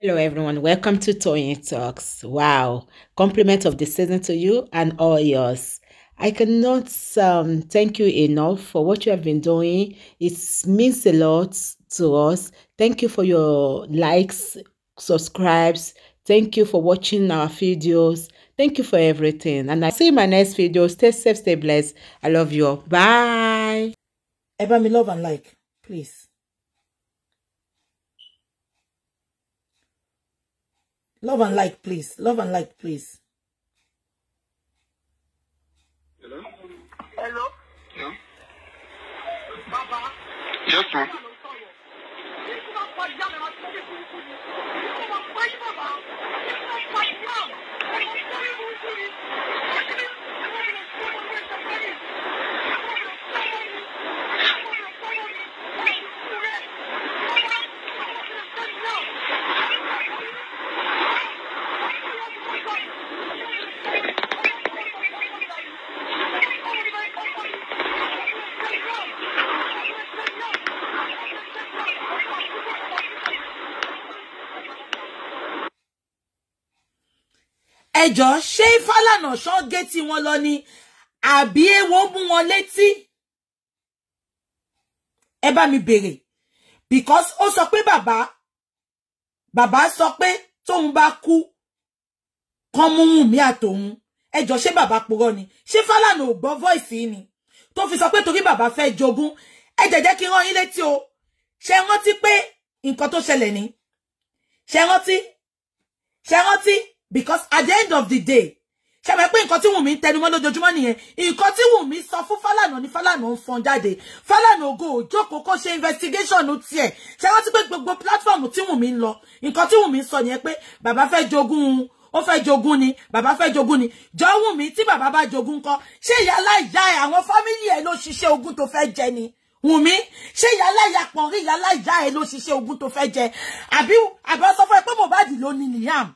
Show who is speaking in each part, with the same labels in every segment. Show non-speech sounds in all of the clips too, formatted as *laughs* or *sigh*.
Speaker 1: Hello, everyone. Welcome to Toyeen Talks. Wow. Compliment of the season to you and all yours. I cannot um, thank you enough for what you have been doing. It means a lot to us. Thank you for your likes, subscribes. Thank you for watching our videos. Thank you for everything. And I see my next video. Stay safe, stay blessed. I love you. Bye. Ever me love and like, please. Love and like, please. Love and like, please. Hello? Hello? Yeah. Baba. Yes, ma'am. ẹjọ́ ṣé Fálànà ṣán gé tí wọ́n lọ ni àbí èwo mú wọn létí ẹ bá mi béèrè because ó sọ pé bàbá bàbá sọ pé tóun bá kú kán mú Wùnmí àtòun ẹjọ́ ṣé bàbá purọ́ ni ṣé Fálànà ò gbọ́ voice yìí ni tó fi sọ pé torí bàbá fẹ́ jogún ẹ jẹ̀jẹ́ kí rán yín létí o ṣe rántí pé nǹkan tó ṣẹlẹ̀ ni ṣe rántí ṣe rántí because at the end of the day ṣe mọ̀ pé nǹkan tí Wùnmí ń tẹnumọ́ lójoojúmọ́ nìyẹn nǹkan tí Wùnmí sọ fún Fálànà ni Fálànà ń fọn jáde Fálànà ògo òjókòó kó ṣe investigation tiẹ̀ ṣe wọ́n ti pé gbogbo platform tí Wùnmí ń lọ nǹkan tí Wùnmí sọ nìyẹn pé bàbá fẹ́ jogún ó fẹ́ jogún ni bàbá fẹ́ jogún ni jọ Wùnmí tí bàbá bá jogún kọ́ ṣé ìyá aláìyá ẹ̀ àwọn fámìlì ẹ̀ ló ṣiṣẹ́ ogún tó fẹ́ jẹ ni Wùnmí ṣé ìyá aláìyá pọ̀n rí ìyá aláìyá ẹ̀ ló ṣiṣẹ́ ogún tó fẹ́ jẹ àbí àbí wọ́n sọ fún ẹ pé Mohbad ló ní niyam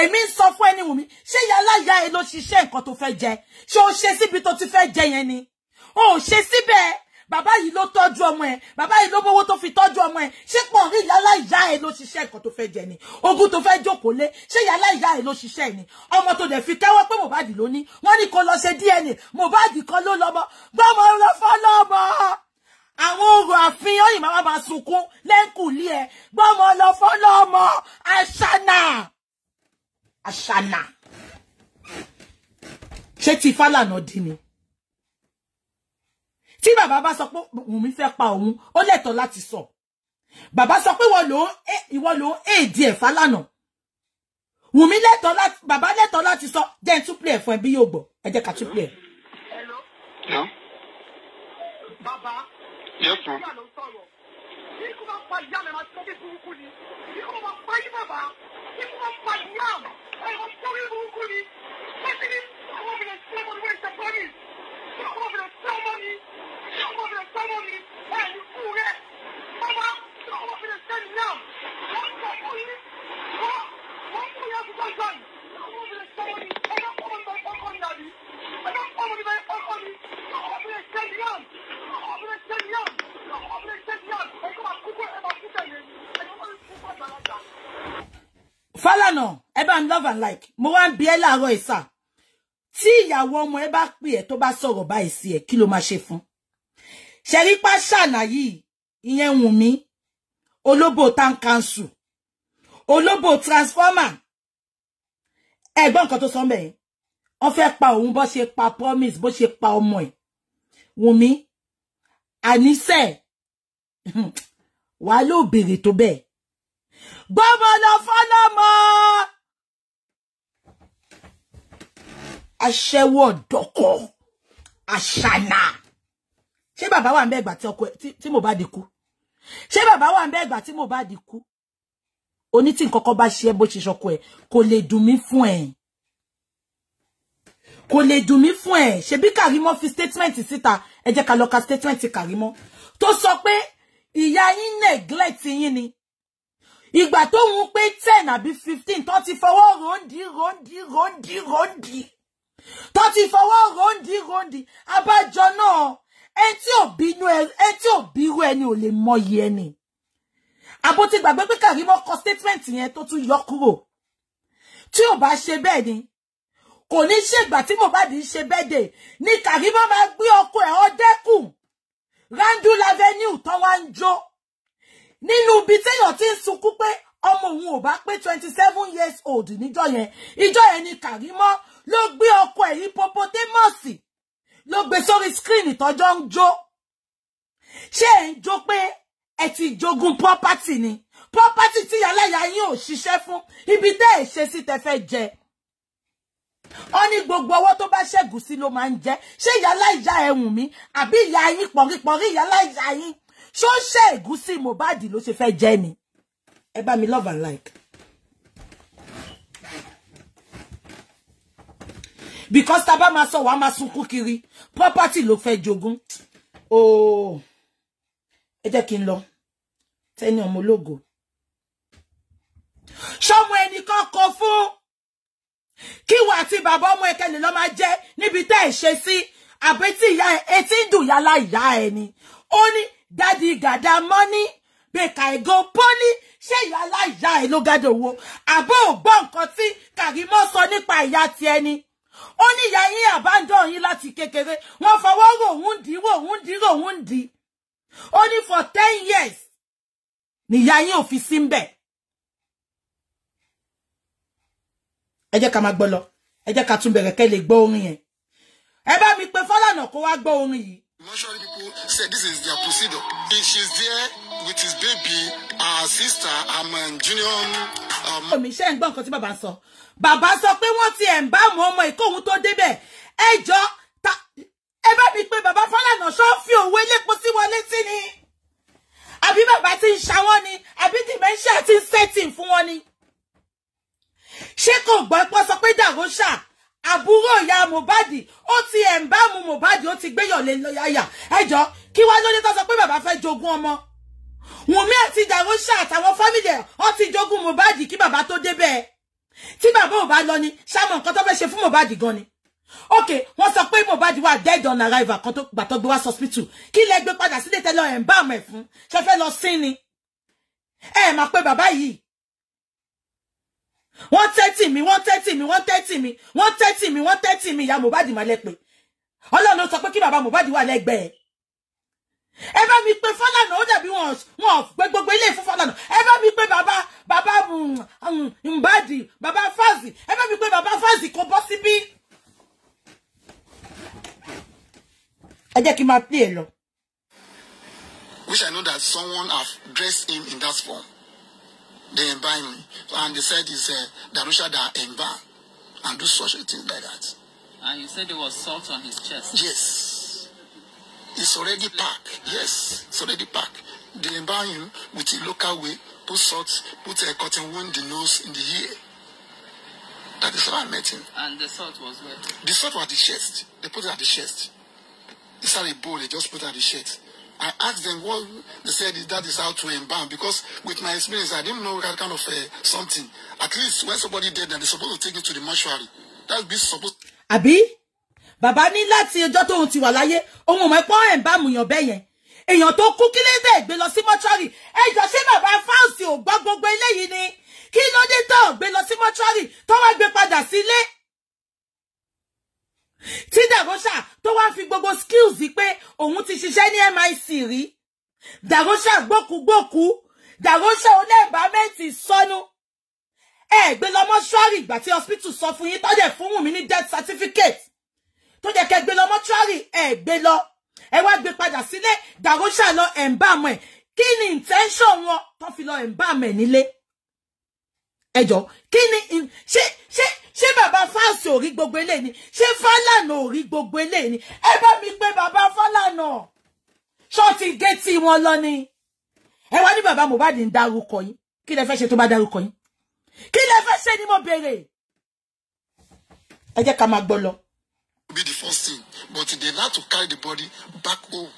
Speaker 1: èmi ń sọ fún ẹni wù mí ṣé yàláyà ẹ ló ṣiṣẹ́ nǹkan tó fẹ́ jẹ ṣé o ṣe síbi tó ti fẹ́ jẹ yẹn ni o ò ṣe síbẹ̀ bàbá yìí ló tọ́jú ọmọ ẹ bàbá yìí ló bówó tó fi tọ́jú ọmọ ẹ ṣé pọ̀ rí yàláyà ẹ ló ṣiṣẹ́ nǹkan tó fẹ́ jẹ ni ogún tó fẹ́ jókòó lé ṣé yàláyà ẹ ló ṣiṣẹ́ ni ọmọ tó dẹ̀ fi kẹ́wọ́ pé Mohbad ló ní wọ́n ní kó lọ ṣe DNA Mohbad kan ló lọ́mọ gbọ́mọ lọ fọ́ lọ́mọ àwọn ọ̀rọ̀ àfin ọ̀yìn máa máa sunkún lẹ́ńkù lé ẹ gbọ́mọ lọ fọ́ lọ́mọ aṣáná. Ashana, ṣé ti Fálànà dí ni baba bàbá bá sọ pé Wùnmí fẹ́ pa òun ó lẹ́tọ̀ọ́ láti sọ bàbá sọ pé ìwọ ló ń èdè ẹ̀ Fálànà Wùnmí lẹ́tọ̀ọ́ láti bàbá lẹ́tọ̀ọ́ láti sọ jẹ́ ń tún play ẹ̀ fún ẹ bí yóò gbọ́ ẹ jẹ́ ká tún play ẹ̀. hello. bàbá. yes ma'am bá yá mi máa tó bí burúkú ni bí kò máa pa yín bàbá bí kò máa pa yín àm ẹ máa tó bí burúkú ni wọ́n ti ní àwọn ọmọ ìrẹsì ọmọ ìwé ìṣẹ̀ pọ́nì bí kò máa fi lè sọ́mọ́ ni bí kò máa fi lè sọ́mọ́ ni ẹ̀ ní kú rẹ̀. Fálànà ẹ bá ń love and like mo wá ń bi ẹ́ láàárọ̀ ìsà tí ìyàwó ọmọ ẹ bá pè ẹ́ tó bá sọ̀rọ̀ báyìí sí ẹ kí ló máa ṣe fún ṣẹ̀rí pàṣánà yìí ìyẹn wù mí olóbò town council olóbò transformer ẹ̀gbọ́n nǹkan tó sọ ń bẹ̀ yẹn wọ́n pa òun bó ṣe pa promise bó ṣe pa ọmọ ẹ̀ wù mí àníṣe *laughs* wàá ló béèrè tó bẹ́ẹ̀ babalafalama aṣẹ́wó ọ̀dọ́kọ aṣànà ṣé bàbá wà ń bẹ ìgbà tí ọkọ tí mo bá di kú ṣé bàbá wà ń bẹ ìgbà tí mo bá di kú oní tí nǹkan kan bá ṣe bó ṣe sọkọ ẹ kò lè dùn mí fún ẹ kò lè dùn mí fún fi statement síta eje kaloka statement Kàrímọ tó sọ pé ìyá yín neglect yín ni ìgbà tó ń pé ten àbí fifteen tó ti fọwọ́ rondi rondi rondi ròǹdì tó ti fọwọ́ ròǹdì ròǹdì abájọ náà etí òbínú etí òbírú ẹni ò lè mọyì ẹni àbó ti gbàgbé pé Karimo kọ statement yẹn tó tún yọ kúrò tí ò bá ṣe bẹ́ẹ̀ ni kò ní ṣègbà tí Mohbad ń ṣe bẹ́ẹ̀dẹ̀ ni Karimo máa gbé ọkọ ẹ̀ ọdẹ́kùn Randul Avenue tán wá ń jó nínú ibi téèyàn ti ń sunkún pé ọmọ òun ò bá pé twenty seven years old Ni jo yẹn ìjọ yẹn ni Kàrímọ́ Lo gbé ọkọ ẹ̀ hippopotamus ló gbé sórí screen ìtọ́jọ́ ń jó ṣé ẹ̀ ń jó pé ẹ ti jogún property ni property tí yàláyà yín ò ṣiṣẹ́ fún ibi tẹ́ ẹ̀ ṣe sí tẹ́ fẹ́ jẹ ó ní gbogbo ọwọ́ tó bá ṣẹ́gun sí ló máa ń jẹ́ ṣé yàláyà ẹ̀ wùn mí àbí ìyá yín pọ̀rípọ̀rí yàláyà ṣó ṣe ẹ̀gúsí Mohbad ló ṣe fẹ́ jẹ́ ni ẹ bá mi love and like. because tá bá máa sọ wàá máa sunkún kiri property ló fẹ́ jogún ooo ẹ jẹ́ kí n lọ tẹ́ni ọmọ ológo ṣọmọ ẹnìkan kọ fún kí wà àti bàbá ọmọ ẹkẹlẹ lọ máa jẹ níbi tẹ́ ẹ ṣe sí àbẹ́tí ìyá ẹ etí ń dùn yálà ìyá ẹ ni ó ní daddy gather money make I go poly ṣé ìyá aláìyá ẹ ló gádà owó àbó ò gbọ́ nǹkan tí Karimo sọ nípa ìyá ti ẹni ó ní ìyá yín àbádọ́ yín láti kékeré wọ́n fọwọ́ rò òun dì rò òun dì ó ní for ten years nìyá yín ò fi sí mbẹ̀. ẹ jẹ́ ká máa gbọ́ lọ ẹ jẹ́ ká tún bẹ̀rẹ̀ kẹ́ lè gbọ́ orin yẹn ẹ bá mi pe Fálànà kó wá gbọ́ orin yìí mortuary people said
Speaker 2: this is their procedure. she's there with his baby, her sister, I'm um, junior.
Speaker 1: Um, omi ṣe ń gbọ́ nǹkan tí bàbá ń sọ bàbá sọ pé wọ́n ti ẹ̀ ń bá àwọn ọmọ ìkó tó débẹ̀ ẹ jọ ta ẹ bá mi pé bàbá Fálànà ṣọ́ ń fi òwe lépo sí wọn létí ni àbí bàbá ti ń ṣàwọn ni àbí dementia ti ń setting fún wọn ni ṣé kò gbọ́ pọ́ sọ pé dàgbò ṣáà àbúrò ìyá Mohbad ó ti ẹ̀ ń bá mu Mohbad ó ti gbéyàn lé lọ́yàyà ẹjọ́ kí wá lóde tó sọ pé bàbá fẹ́ jogún ọmọ Wùnmí àti Darosha àtàwọn fámìlì ẹ̀ ó ti jogún Mohbad kí bàbá tó débẹ̀ tí bàbá ò bá lọ ni ṣáàmọ̀ nǹkan tó fẹ́ ṣe fún Mohbad gan ni ok wọ́n sọ pé Mohbad wà dead on arrival kan tó gbà tó gbé wá hospital kí lẹ gbé padà sílé tẹ́lẹ̀ ẹ̀ ń bá àmọ̀ ẹ̀ fún ṣe fẹ́ lọ sí ni ẹ mà pé bàbá yìí wọ́n tẹ́tì mi wọ́n tẹ́tì mi wọ́n tẹ́tì mi wọ́n tẹ́tì mi wọ́n tẹ́tì mi ìyá Mohbad máa lẹ́pẹ́ ọlọ́run ló sọ pé kí bàbá Mohbad wà lẹ́gbẹ̀ẹ́ ẹ bá mi pe Fálànà ó dàbí wọn wọn pé gbogbo ilé ìfún Fálànà ẹ bá mi pe bàbá bàbá mm, mm, Mohbad bàbá Fáàzì ẹ bá mi pe bàbá Fazi. kò bọ́ síbí. ẹ jẹ́ kí n máa pè é lọ.
Speaker 2: Wish I know that someone have dressed him in that form they invite me. And they said it's uh, Darusha that embalm and do such things like that. And you said there was salt on his chest. Yes. It's already packed. Yes, it's already packed. They embalm you with a local way, put salt, put a cotton wound in the nose, in the ear. That is how I met him. And the salt was where? The salt was at the chest. They put it at the chest. It's at a bowl, they just put it at the chest. I asked them what they said is that is how to embalm because with my experience I didn't know that kind of uh, something. At least when somebody dead, they're supposed to take it to the mortuary. That would be supposed.
Speaker 1: Abi, bàbá ní láti ọjọ́ tóun ti wà láyé òun ò mọ̀ pọ́n ẹ̀ǹbàmù yàn bẹ́ẹ̀ yẹn èèyàn tó kú kí lédè gbé lọ sí mọ́túárì ẹjọ́ sí bàbá fáùsì ò gbọ́ gbogbo eléyìí ni kí ló dé tó gbé lọ sí mọ́túárì tó wá gbé padà sílé. Si tí dàgọ́ṣà tó wá fi gbogbo skills pé òun ti ṣiṣẹ́ ní MIC rí dàgọ́ṣà gbókúgbókú dàgọ́ṣà oníbàámẹ́ǹtì sọnù ẹ gbé lọ mọ́ṣúárì ìgbà tí hospital sọ fún yín tọ́jẹ̀ fún wùmí ní death certificate tó jẹ́ kẹ́ gbé lọ mọ́ṣúárì ẹ gbé lọ ẹ wá gbé padà sílé dàgọ́ṣà lọ ẹ̀ ń bá àmọ́ lo kí ni intention wọn tó fi lọ ẹ̀ ń bá àmọ́ ẹ̀ nílé ẹjọ́ kí ṣé bàbá fáàsì ò rí gbogbo eléyìí ni ṣé fálànà ò rí gbogbo eléyìí ni ẹ bá mi pé bàbá fálànà ṣọ́ọ̀tì géètì wọn lọ ni ẹ wá ní bàbá Mohbad ń dárúkọ yín kí lẹ fẹ́ ṣe tó bá dárúkọ yín kí lẹ fẹ́ ṣe ni mo béèrè ẹ jẹ́ ká máa gbọ́ lọ.
Speaker 2: be the first thing but they had to carry the body back home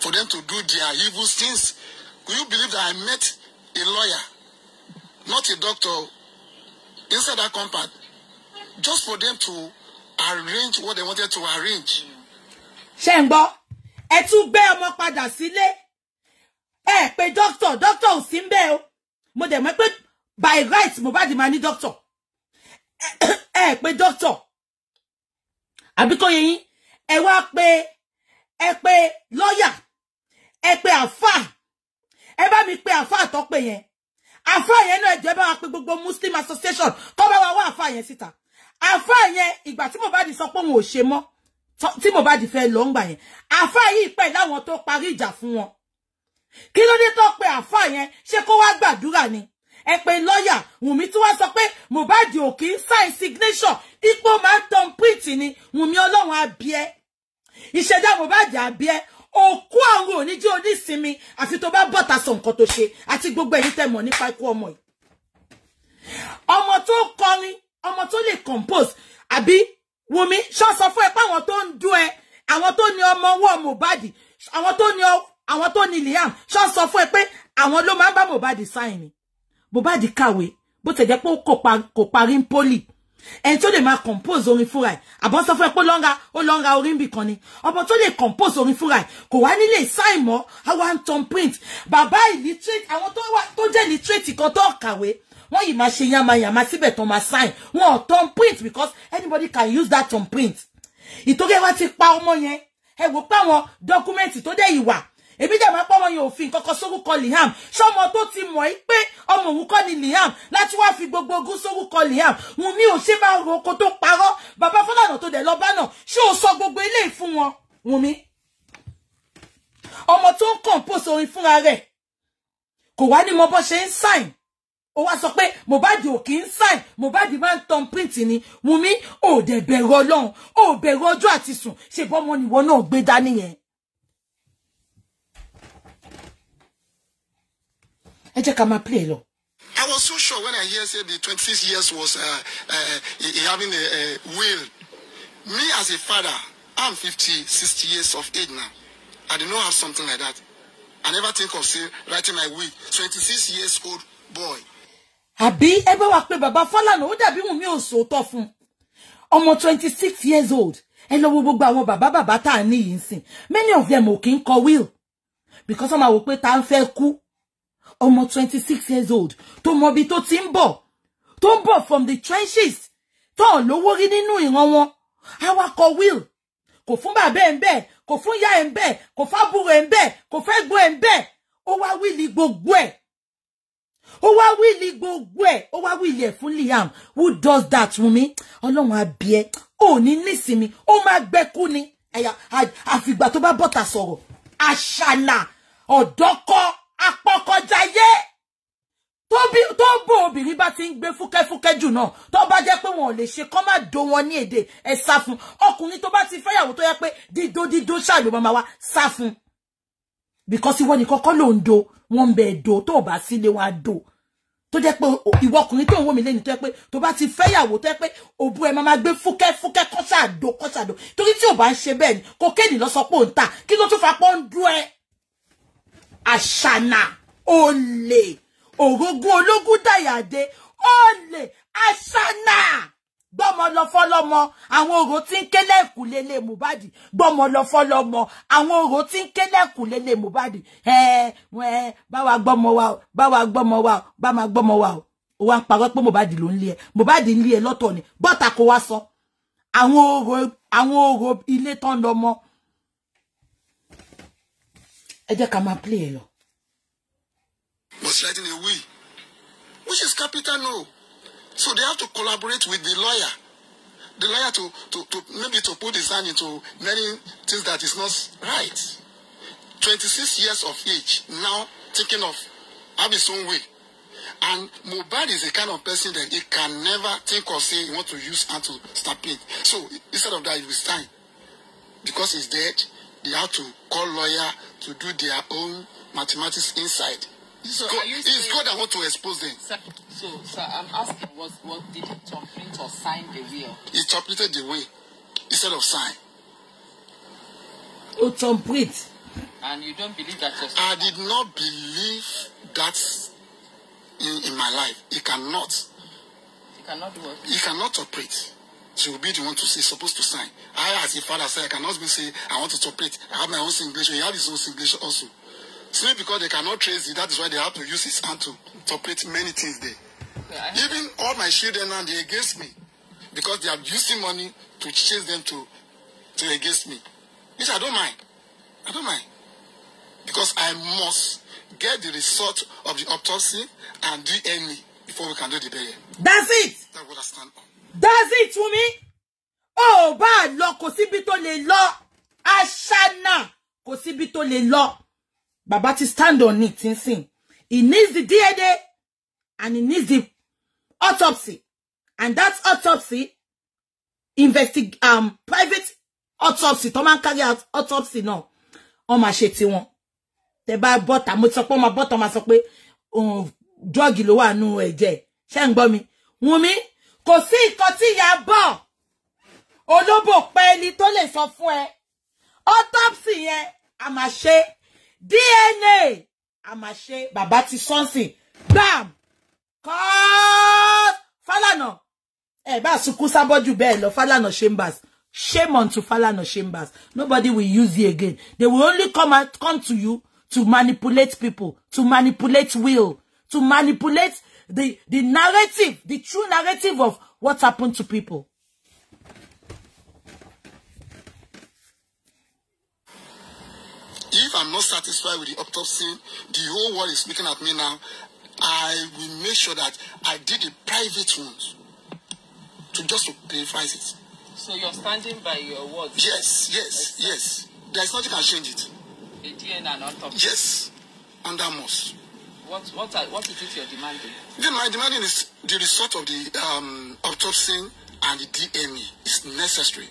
Speaker 2: for them to do their evil things. Will you believe that I met a lawyer, not a doctor? inside that compound just for them to arrange what they wanted to arrange.
Speaker 1: ṣé ń gbọ́ ẹ tún bẹ́ ọmọ padà sílé ẹ pé dókítà dókítà ò sí ń bẹ́ẹ̀ o mo dẹ̀ mọ̀ pé by right Mohbad máa ní dókítà ẹ pé dókítà àbíkọ́ yẹn yín ẹ wá pé ẹ pé lọ́ọ̀yà ẹ pé àáfàá ẹ bá mi pé àáfàá tó pé yẹn àfáà yẹn no ẹ̀jẹ̀ bá wa pé gbogbo muslim association tó bá wa sita àfáà yẹn igba àfáà yẹn ìgbà tí Mohbad sọ pé òun ò ṣe mọ́ tí Mohbad fẹ́ lọ ń gbà yẹn àfáà yìí pẹ̀ láwọn tó parí ìjà fún wọn kí ló dé tó pe àfáà yẹn ṣé kó wá gbàdúrà ni ẹ lawyer lọ́ọ̀yà Wùnmí tí wọ́n sọ pé Mohbad ò kì í sign signature ipò máa ń tan print ni Wùnmí ọlọ́run abíẹ́ ìṣẹ̀dá Mohbad abíẹ́ òkú àrùn òní jẹ́ onísinmi àfi tó bá bọ́ta sọ nǹkan tó ṣe àti gbogbo ẹ̀yin tẹ́ mọ̀ nípa ikú ọmọ yìí ọmọ tó kọrin ọmọ tó lè compose àbí Wumi ṣọ́ sọ fún ẹ pé àwọn tó ń dún ẹ àwọn tó ní ọmọ ọwọ́ Mohbad àwọn tó ní àwọn tó ní Liam ṣọ́ sọ fún ẹ pé àwọn ló máa ń bá Mohbad sign ni Mohbad kàwé bó tẹ̀ jẹ́ pé ó kò parí ń pólì ẹni tó lè máa compose orin fúnra ẹ̀ àbọ̀ sọ fún ẹ pé lọ́nra ó lọ́nra orin bì kan ni ọmọ tó lè compose orin fúnra ẹ̀ kò wá nílé sign mọ́ I want tan print bàbá illiterate àwọn to jẹ́ illiterate kan tó kàwé wọ́n yìí máa ṣe yamayama síbẹ̀ tán máa sign wọn ò tan print because anybody can use that tan print ìtòkè wa ti pa ọmọ yẹn ẹ wò pé àwọn dọ́kúmẹ́ǹtì tó dẹ̀ yìí èmi dẹ̀ máa pọ́ ọmọ yẹn òfin kankan sórúkọ Liam ṣọmọ tó ti mọ̀ ẹ́ pé ọmọ òun kọ́ ni Liam láti wá fi gbogbo ogún sórúkọ Liam Wùnmí ò ṣe máa ro oko tó parọ́ bàbá Fọlànà tó dẹ̀ lọ bá náà ṣé o sọ gbogbo eléyìí fún wọn Wùnmí ọmọ tó ń compose orin fúnra rẹ̀ kò wá ní mọ bó ṣe ń sign ó wá sọ pé Mohbad ò kì í sign Mohbad máa ń tan print ni Wùnmí ò dẹ̀ bẹ̀rù Ọlọ́run ò bẹ̀rù ọjọ́ àti sùn ṣe bọ́mọ nìwọ náà gbé dání yẹn ẹ jẹ́ ká máa play lọ.
Speaker 2: I was so sure when I hear say the twenty-six years was uh, uh, having a, a will. Me as a father, I'm fifty sixty years of age now. I did not have something like that. I never think of say writing my will. Twenty-six years old boy.
Speaker 1: àbí ẹ bá wà pé bàbá Fálànà ó dàbí wùn mí ò sòótọ́ fún ọmọ twenty six years old ẹ lọ wo gbogbo àwọn bàbá bàbá tá a ní yìí ń sìn many of them ò kí ń kọ will because ọmọ àwò pé tá a ń fẹ́ kú ọmọ twenty six years old To mọ ibi tó ti ń bọ̀ tó from the trenches to ń lówó rí nínú ìran wọn awakọ̀ will kò fún bàbá ẹ̀ ń bẹ̀ kò fún ìyá ẹ̀ ń bẹ̀ kò fábùrò ẹ̀ ń bẹ̀ kò fẹ́ gbọ́ ẹ̀ ń bẹ̀ ó wá wíìlì gbogbo ẹ̀ ó wá wíìlì gbogbo ẹ̀ ó wá wíìlì ẹ̀ fún Liam who does that Wunmi ọlọ́run abíẹ́ ò ní nísìmí ó máa gbẹ́kú ni àfìgbà tó bá bọ́ta sọ̀rọ̀ àṣàlà ọ̀dọ́kọ́ àpọkọjáyé tó bí tó bò obìnrin bá ti ń gbé fúkẹ́fúkẹ́ jù náà tó bá jẹ́ pé wọn ò lè ṣe kọ́ má do wọn ní èdè ẹ sá fún ọkùnrin tó bá ti fẹ́yàwó tó yẹ pé dídó dídó ṣàlò máa wá sá fún because ìwọ nìkan kọ́ ló ń do wọn ń bẹ do tó o bá sílé wọn á do tó jẹ́ pé ìwọ ọkùnrin tó ń wò mí lẹ́yìn tó jẹ́ pé tó bá ti fẹ́yàwó tó jẹ́ pé òbú ẹ̀ máa gbé fúkẹ́ fúkẹ́ kọ́ṣàdó kọ́ṣàdó torí tí ò bá ń ṣe bẹ́ẹ̀ ni kokéènì lọ sọ pé òun kí ló tún fa pọ́ńdú ẹ̀ àṣànà olè ògógún ológun dàyàdé olè àṣànà gbọmọ lọ fọlọmọ àwọn òrò tí ń kélẹ̀kù lélẹ̀ Mohbad gbọmọ lọ fọlọmọ àwọn òrò tí ń kélẹ̀kù lélẹ̀ Mohbad ẹ ẹ báwa gbọmọ wa o báwa gbọmọ wa o bá máa gbọmọ wa o ó wá ń parọ́ pé Mohbad ló ń lé ẹ Mohbad ń lé ẹ lọ́tọ̀ ni bọ́tà kó wá sọ àwọn òrò àwọn òrò ilé tán lọmọ ẹ jẹ́ ká máa play ẹ lọ. was writing a will
Speaker 2: which is capital no so they have to collaborate with the lawyer the lawyer to to to maybe to put his hand into many things that is not right twenty-six years of age now thinking of have his own way and Mohbad is the kind of person that he can never think of say he want to use hand to stop it so instead of that he will sign because he's dead they have to call lawyer to do their own mathematics inside. So God, it's God that want to expose them. Sir, so, sir, I'm asking, what, what did he interpret or sign the will? He interpreted the will instead of sign.
Speaker 1: Oh, He interpret.
Speaker 2: And you don't believe that yourself? I did not believe that in, in my life. He cannot. He cannot do what? He cannot operate she will be the one to say supposed to sign i as a father say i cannot be say i want to separate i have my own singlish he have his own singlish also simply because they cannot trace it that is why they have to use his hand to separate many things there yeah, even all my children now they against me because they are using money to chase them to to against me which i don't mind i don't mind because i must get the result of the autopsy and dna before we can do the burial
Speaker 1: that's it that's what i stand on dáàsì ìtúnmí ó bá lọ kò síbi bito le lọ aṣáná kò síbi bito le lọ bàbá ti stand on it sin sin. he needs the DNA and he needs the autopsy and that autopsy investig um private autopsy tó máa carry out autopsy náà On máa ṣe tiwọn tẹ́ bá bọ́ta mo ti sọ pé wọ́n máa bọ́ta wọ́n máa sọ pé oh, drug ló wà nù ẹ̀jẹ̀ ṣé ń gbọ́ kò sí nǹkan tí ìyá bọ̀ olóbò pé ẹni tó lè sọ fún ẹ autopsy yẹn a máa ṣe DNA a máa ṣe bàbá ti sọ́nsìn bam kọ́ọ́t Fálànà ẹ bá sunkún sábọ́jú bẹ́ẹ̀ lọ Fálànà Chambers shame on to Falana Chambers nobody will use you again they will only come out come to you to manipulate people to manipulate will to manipulate the, the narrative, the true narrative of what happened to people.
Speaker 2: If I'm not satisfied with the autopsy, the whole world is looking at me now. I will make sure that I did the private ones to just to clarify it. So you're standing by your words? Yes, yes, yes. There's nothing can change it. The DNA and autopsy? Yes, and that must. What, what, are, what is it you're demanding? Then my demanding is the result of the um, autopsy and the DME. It's necessary.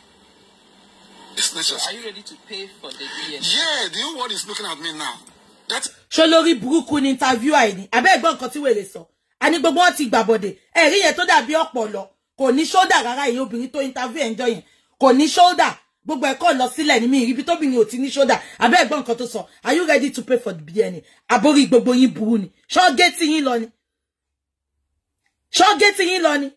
Speaker 1: It's necessary. So are you ready to pay for the DME?
Speaker 2: Yeah, the whole world is looking
Speaker 1: at me now. That. ṣé lórí burúkú ni interview àìní abẹ́ ẹ̀gbọ́n nǹkan tí wèrè sọ àní gbogbo wọn ti gbàbọ̀dẹ̀ ẹ̀rí yẹn tó dàbí ọ̀pọ̀ lọ kò ní ṣódà rárá èyí obìnrin to interview ẹ̀ ń jọ yẹn kò ní gbogbo ẹ̀kọ́ lọ sílẹ̀ ní mi ibi tóbìnrin ò ti ní ṣódà abẹ́ ẹ̀gbọ́n nǹkan tó sọ are you ready to pay for the DNA àbórí gbogbo yín burú ni ṣọ́gẹ́tì yín lọ ni ṣọ́gẹ́tì yín lọ ni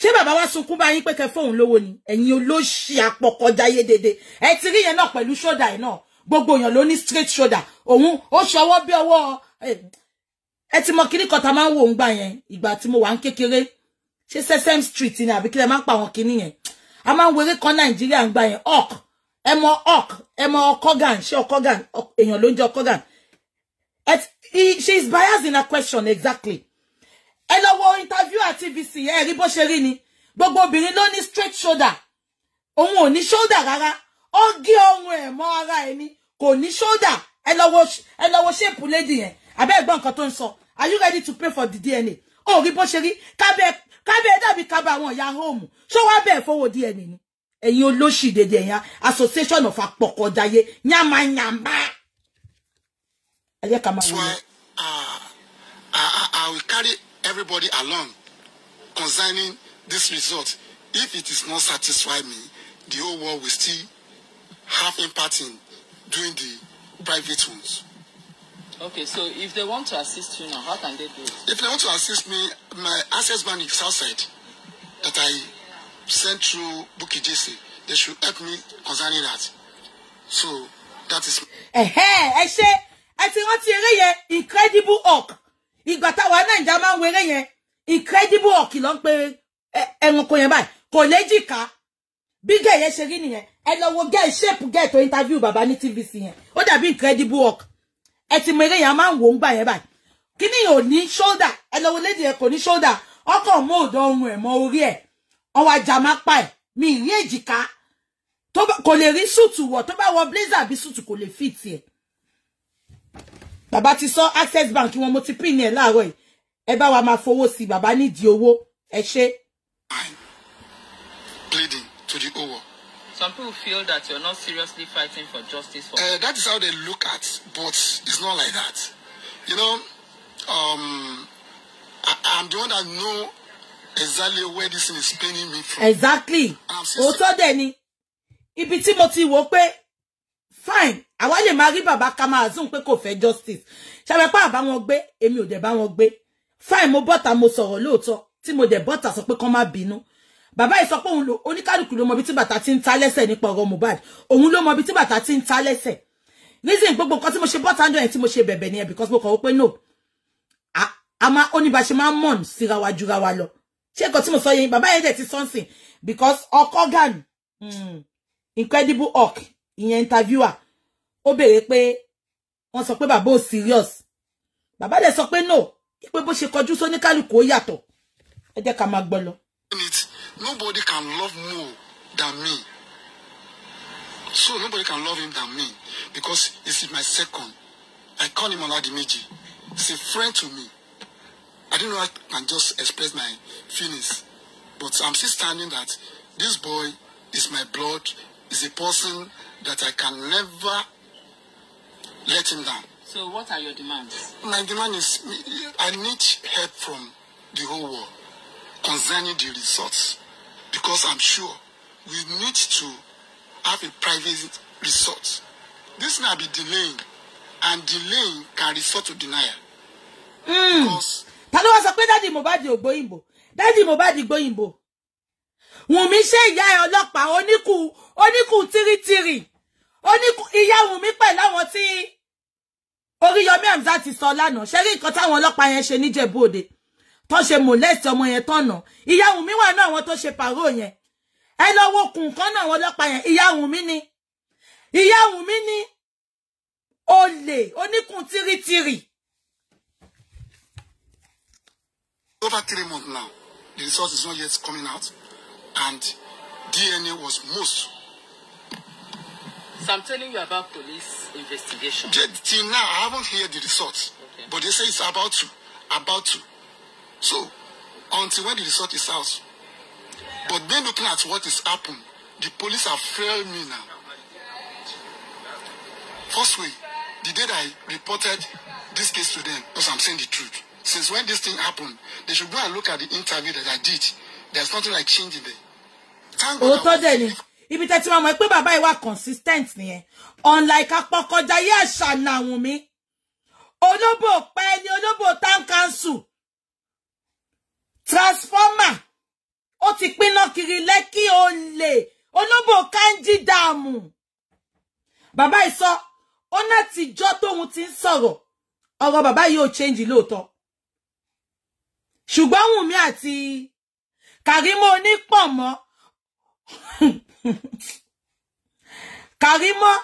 Speaker 1: ṣé bàbá wa sunkún bá yín pé kẹ fóun lówó ni ẹ̀yin olóṣì apọ̀kọjá yé dédé ẹ ti rí yẹn náà pẹ̀lú ṣódà yìí náà gbogbo èèyàn ló ní straight shoulder òun ó ṣọwọ́ bí ọwọ́ ẹ ti mọ kíní kan tá máa ń wò ń gbà yẹn ìgbà tí mo wà ń kékeré ṣé Sesame Street ni àbí kí lẹ máa ń pa àwọn kíní yẹn a máa ń wéré kan nàìjíríà ń gbà yẹn ọk ẹ mọ ọk ẹ mọ ọkọgàn ṣé ọkọgàn èèyàn ló ń jẹ ọkọgàn she is biased in her question exactly ẹ lọ wo interview at tvc ẹ rí bó ṣe rí ni gbogbo obìnrin ló ní straight shoulder òun ò ní shoulder rárá ó gé ohun ẹ̀ mọ́ ara ẹ̀ ni kò ní shoulder ẹ lọ wo ṣéèpù lady yẹn abẹ́ ẹ̀gbọ́n nǹkan tó ń sọ are you ready to pay for the DNA òrí bó ṣe rí kábẹ́ dàbí kábà àwọn ìyá hóòmù ṣó wá bẹ́ẹ̀ fowó di ẹni ni ẹ̀yin olóṣì dédé ẹ̀yà association of apọ̀kọ̀dáyé yamayama. ẹ̀yẹ́ ká máa wọlé. Uh, uh, uh, I will
Speaker 2: carry everybody along concerning this result. If it is not satisfy me, the whole world will still have impact in doing the private ones. Okay, so if they want to assist you now, how can they do it? If they want to assist me, my access bank is outside that I sent through
Speaker 1: Bukky Jesse. They should help me concerning that. So that is. Ẹ ṣe ẹ ti rántí eré yẹn incredible hawk ìgbà got Nàìjíríà máa ń wo eré incredible hawk ló ń pe ẹranko yẹn báyìí kò léjìká bí gẹ̀ yẹn ṣe rí nìyẹn ẹ lọ wo gẹ̀ shape interview bàbá ní TVC yẹn ó dàbí incredible hawk ẹ ti mọ eré yẹn a máa ń wò ó ń gbà yẹn báyìí kíní ò ní ṣódà ẹ lọ wo lédi ẹ kò ní ṣódà ọkọ mú òdò ohun ẹ mọ orí ẹ ọwọ ajá má pa ẹ mi rí èjìká kò lè rí súùtù wọ tó bá wọ blazer àbí súùtù kò lè fit ẹ bàbá ti sọ access bank wọn mo ti pin ẹ láàárọ̀ yìí ẹ bá wa máa fowó sí bàbá nídìí owó ẹ ṣe. pleading
Speaker 2: to the owner Some people feel that you're not seriously fighting for justice. For uh, that is how they look at, but it's not like that. You know, um, I, I'm the one that know exactly where this thing is paining me
Speaker 1: from. Exactly. Also, Danny, if it's tí mo ti wò pé fine, àwa lè máa rí bàbá Kamazun pé kò fẹ́ justice. Ṣàbẹ̀ pa àbá wọn gbé, Emi o dẹ̀ bá wọn gbé. Fine, mo bota mo sọ̀rọ̀ lóòótọ́ Ti mo dẹ̀ bota sọ pé kán má bínú. Baba yìí sọ pé òun lò oníkálukú ló mọ ibi tí bàtà ti ń ta lẹ́sẹ̀ nípa ọ̀rọ̀ Mohbad òun ló mọ ibi tí bàtà ti ń ta lẹ́sẹ̀ nísìnyí gbogbo nǹkan tí mo ṣe bọ́tà ńdọ̀ yẹn tí mo ṣe bẹ̀bẹ̀ nìyẹn because mo kàn wọ́n no a máa ó ní bá ṣe máa ń mọ̀n síra wa jura wa lọ ṣé nǹkan tí mo sọ yẹn Baba yẹn dẹ̀ ti sọ́nsìn because ọkọ gan hmm, incredible hawk ìyẹn interviewer ó béèrè pé wọ́n sọ pé bàbá ò serious bàbá dẹ̀ sọ pé no pé bó ṣe kọjú sóníkálukú ó yàtọ̀ ẹ jẹ́ ká máa gbọ́ lọ.
Speaker 2: Nobody can love more than me. So nobody can love him than me because he's my second. I call him Oladimiji. He's a friend to me. I don't know how I can just express my feelings. But I'm still standing that this boy is my blood, is a person that I can never let him down.
Speaker 1: So what are your demands?
Speaker 2: My demand is I need help from the whole world concerning the results because I'm sure we need to have a private resort. This now be delaying, and delaying can refer to denial.
Speaker 1: Mm. Because. Ta ló wá sọ pé dádì Mohbad ò gbóyìnbó? Dádì Mohbad gbóyìnbó. Wùnmí ṣe ìyá ẹ̀ ọlọ́pàá oníkù oníkù tírítírí. Oníkù ìyá Wùnmí pẹ̀lú àwọn tí Oríyọmí Hamzat ti sọ lánàá. Ṣé rí nǹkan táwọn ọlọ́pàá yẹn ṣe níjẹ̀bú òde? tó ṣe molest ọmọ yẹn tọ̀nà ìyá Wùnmí wà náà àwọn tó ṣe pàró yẹn ẹ lọ kùn kan náà àwọn ọlọ́pàá yẹn ìyá Wùnmí ni ìyá Wùnmí ni olè oníkùn tìrìtìrì.
Speaker 2: Over three months now, the result is not yet coming out, and DNA was most. So I'm telling you about police investigation. Till now, I haven't heard the results, okay. but they say it's about to, about to. So, until when the result is out. But then looking at what is happened, the police have failed me now. First way, the day that I reported this case to them, because I'm saying the truth. Since when this thing
Speaker 1: happened, they should go and look at the interview that I did. There's nothing like changing there. Thank God. Òótọ́ dẹ̀ ni. Ibi tẹ́ ti máa mọ̀ pé bàbá ìwà consistent nìyẹn. Unlike apọkọjayé àṣà nàwùn mi. Olóbò pẹ́ ni olóbò town council transformer ó ti pinná kiri lẹ́kí olè olóbò kanji dààmú bàbá yìí sọ ó náà ti jọ́ tóun ti ń sọ̀rọ̀ ọ̀rọ̀ bàbá yìí ò change lóòótọ́ ṣùgbọ́n Wùnmí àti Kàrímọ́ onípọ̀mọ́ *laughs* Kàrímọ́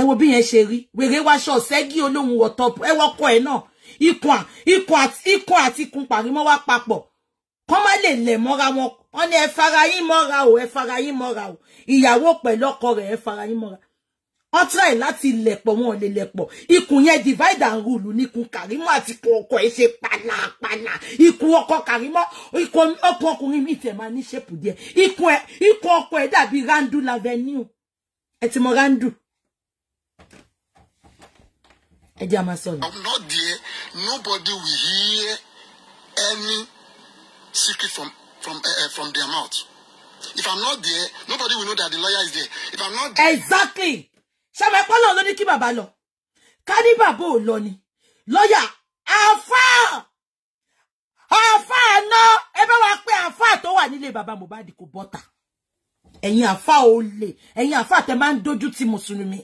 Speaker 1: ẹ wo bí yẹn ṣe rí wèrè wáṣọ ṣẹ́gi olóhùn wọ̀ ẹ wọ́kọ̀ ẹ̀ náà ikùn ikùn àti ikùn àti ikùn pàrímọ́ wá papọ̀ kọ́ má lè lẹ̀ mọ́ra wọn wọ́n ní ẹ fara yín mọ́ra o ẹ fara yín mọ́ra o ìyàwó pẹ̀lú ọkọ rẹ̀ ẹ fara yín mọ́ra wọ́n try láti lẹ̀pọ̀ wọn ò lè lẹ̀pọ̀ ikùn yẹn divide and rule níkùn Karimo àti ikùn ọkọ ẹ ṣe panápaná ikùn ọkọ Karimo ikùn ọkọ ọkùnrin mi tẹ̀ máa ní ṣèpù díẹ̀ ikùn ẹ ikùn ọkọ ẹ dàbí randu lavenue ẹ ti mọ randu ẹ jẹ́ àmà sọ̀rọ̀. I'm not there nobody will
Speaker 2: hear any secret from from uh, from their mouth
Speaker 1: if I'm not there nobody will know that the lawyer is there if I'm not there. exactly ṣàmì ẹ̀pọ́ náà ló ní kí bàbá lọ ká ní bàbá ò lọ ni lọ́ọ̀yà àfà àfà àná ẹ bá wa pé àfà tó wà nílé bàbá Mohbad kò bọ́ta ẹ̀yin àfà ò lè ẹ̀yin àfà tẹ máa ń dojú ti mùsùlùmí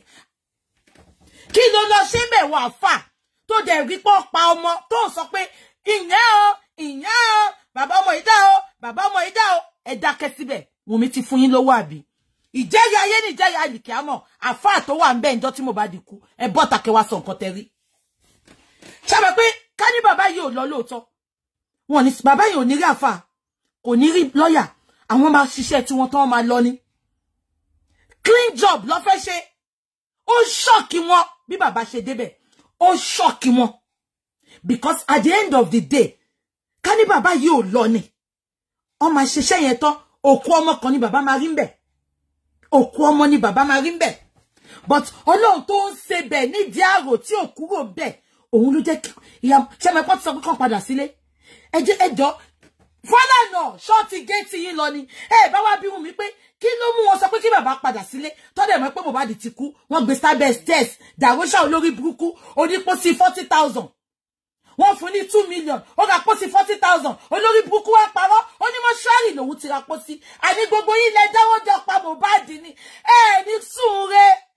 Speaker 1: kí ló lọ ṣe mẹ́wàá fà tó dẹ̀ rí pọ́ pa ọmọ tó sọ pé ìyẹn o ìyẹn o bàbá ọmọ ìdá o bàbá ọmọ ìdá o ẹ dákẹ́ síbẹ̀ Wùmí ti fún yín lówó àbí ìjẹ́yà ayé ni ìjẹ́yà àlìkíámọ̀ àfáà tó wà ń bẹ́ẹ̀ ńjọ́ tí mo bá dìkú ẹ bọ́ takẹ́ wá sọ nǹkan tẹ rí ṣàbẹ̀ pé ká ní bàbá yìí ò lọ lóòótọ́ wọn ní bàbá yìí ò ní rí àfáà kò ní rí lọ́yà àwọn máa ṣiṣẹ́ tí wọ́n tán máa lọ ní clean job ló fẹ́ ṣe ó ṣọ́ọ̀kì wọn bí bàbá ṣe débẹ̀ ó ṣọ́ọ̀kì wọn because at the end of the day ká ní bàbá yìí ò lọ ni wọ́n máa ṣiṣẹ́ yẹn tán òkú ọmọ kan ni bàbá máa rí ń bẹ̀ òkú ọmọ ni bàbá máa rí ń bẹ̀ but ọlọ́run tó ń ṣe bẹ̀ nídìí àrò tí ò kúrò bẹ̀ òun ló jẹ́ kí ìyá ṣẹ́mi pọ́n ti sọ pé kàn padà sílé ẹjọ́ fọlá náà ṣọ́ọ̀tì géètì yín lọ ni ẹ bá wá bí wù mí pé kí ló mú wọn sọ pé kí bàbá padà sílé tọ́dẹ̀ mọ́ pé Mohbad ti kú wọ́n gbé starburst test dàwọ́ṣà olórí burúkú onípòsí forty thousand wọ́n fún ní two million ó ra pósí forty thousand olórí burúkú wa parọ́ onímọ̀ṣúárì lòun ti ra pósí àní gbogbo yín lẹ dáwọ́ jọ pa Mohbad ni ẹ ní sùúrẹ́.